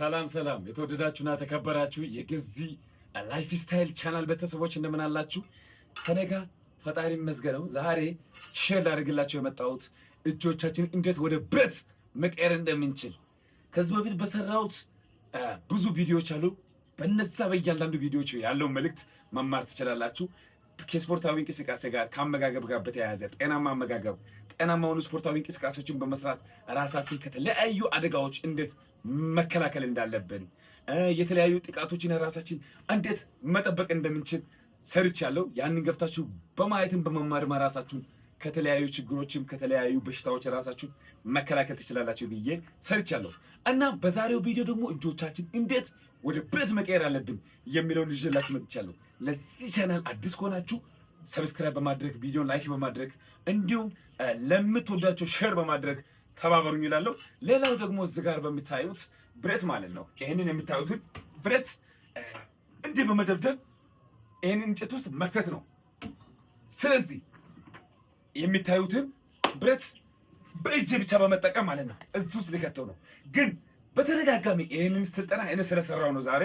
ሰላም ሰላም የተወደዳችሁና ተከበራችሁ የግዚ ላይፍ ስታይል ቻናል ቤተሰቦች እንደምን አላችሁ? ከነጋ ፈጣሪ መዝገነው ዛሬ ሼር ላደርግላችሁ የመጣሁት እጆቻችን እንዴት ወደ ብረት መቀየር እንደምንችል። ከዚህ በፊት በሰራሁት ብዙ ቪዲዮዎች አሉ። በነዛ በእያንዳንዱ ቪዲዮዎች ያለው መልእክት መማር ትችላላችሁ። ከስፖርታዊ እንቅስቃሴ ጋር ከአመጋገብ ጋር በተያያዘ ጤናማ አመጋገብ፣ ጤናማ የሆኑ ስፖርታዊ እንቅስቃሴዎችን በመስራት ራሳችን ከተለያዩ አደጋዎች እንዴት መከላከል እንዳለብን የተለያዩ ጥቃቶችን ራሳችን እንዴት መጠበቅ እንደምንችል ያለው ያንን ገብታችሁ በማየትም በመማርም ራሳችሁን ከተለያዩ ችግሮችም ከተለያዩ በሽታዎች ራሳችሁን መከላከል ትችላላችሁ ብዬ ያለው እና በዛሬው ቪዲዮ ደግሞ እጆቻችን እንዴት ወደ ብረት መቀየር አለብን የሚለውን ይዤላችሁ መጥቻለሁ። ለዚህ ቻናል አዲስ ከሆናችሁ ሰብስክራይብ በማድረግ ቪዲዮን ላይክ በማድረግ እንዲሁም ለምትወዳቸው ሼር በማድረግ ተባበሩኝ ይላለው ሌላው ደግሞ እዚህ ጋር በምታዩት ብረት ማለት ነው። ይህንን የምታዩትን ብረት እንዲህ በመደብደብ ይህንን እንጨት ውስጥ መክተት ነው። ስለዚህ የሚታዩትን ብረት በእጅ ብቻ በመጠቀም ማለት ነው እዚህ ውስጥ ሊከተው ነው። ግን በተደጋጋሚ ይህንን ስልጠና እኔ ስለሰራው ነው ዛሬ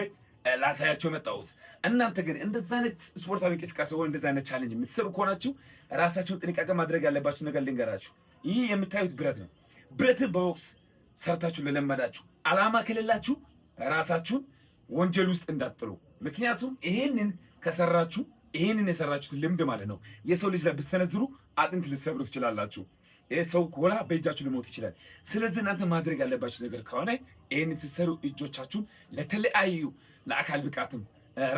ላሳያቸው የመጣሁት። እናንተ ግን እንደዛ አይነት ስፖርታዊ እንቅስቃሴ ወይ እንደዛ አይነት ቻለንጅ የምትሰሩ ከሆናችሁ ራሳችሁን ጥንቃቄ ማድረግ ያለባችሁ ነገር ልንገራችሁ። ይህ የምታዩት ብረት ነው። ብረት በቦክስ ሰርታችሁ ለለመዳችሁ አላማ ከሌላችሁ ራሳችሁን ወንጀል ውስጥ እንዳትጥሉ። ምክንያቱም ይሄንን ከሰራችሁ ይሄንን የሰራችሁትን ልምድ ማለት ነው የሰው ልጅ ላይ ብትሰነዝሩ አጥንት ልትሰብሩ ትችላላችሁ። ይሄ ሰው ኮላ በእጃችሁ ሊሞት ይችላል። ስለዚህ እናንተ ማድረግ ያለባችሁ ነገር ከሆነ ይህንን ስትሰሩ እጆቻችሁን ለተለያዩ ለአካል ብቃትም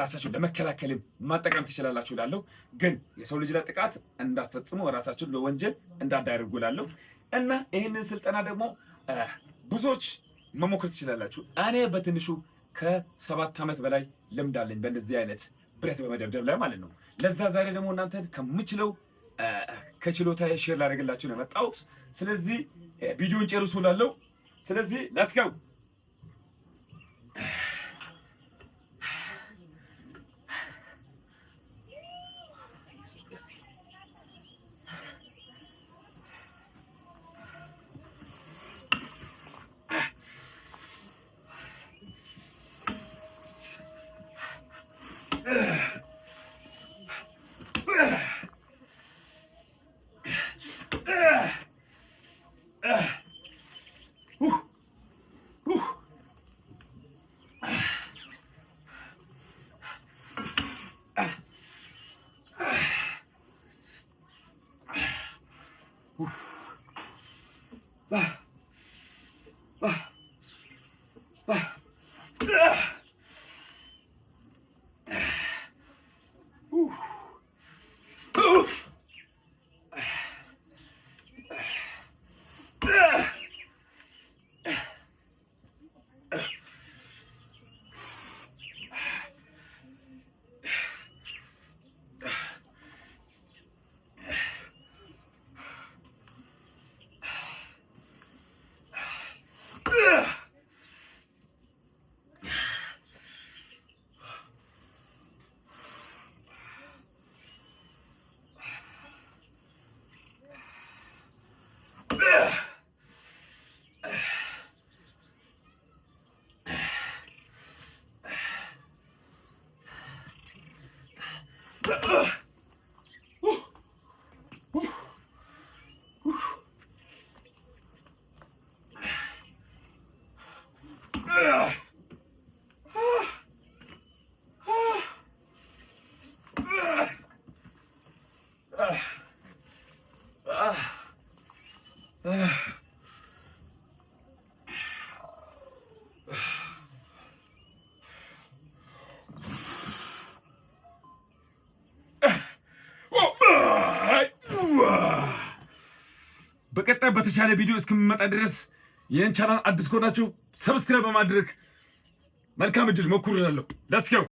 ራሳችሁን ለመከላከልም ማጠቀም ትችላላችሁ። ላለው ግን የሰው ልጅ ላይ ጥቃት እንዳትፈጽሙ ራሳችሁን ለወንጀል እንዳዳርጉ እና ይህንን ስልጠና ደግሞ ብዙዎች መሞከር ትችላላችሁ። እኔ በትንሹ ከሰባት ዓመት በላይ ልምድ አለኝ በእንደዚህ አይነት ብረት በመደብደብ ላይ ማለት ነው። ለዛ ዛሬ ደግሞ እናንተ ከምችለው ከችሎታ ሼር ላደርግላችሁ ነው የመጣሁት። ስለዚህ ቪዲዮን ጨርሱ ላለው ስለዚህ ላትገቡ 아, 아, 아. 아. Ugh. በቀጣይ በተሻለ ቪዲዮ እስክመጣ ድረስ ይህን ቻናል አዲስ ከሆናችሁ ሰብስክራይብ በማድረግ መልካም እድል መኩር እላለሁ።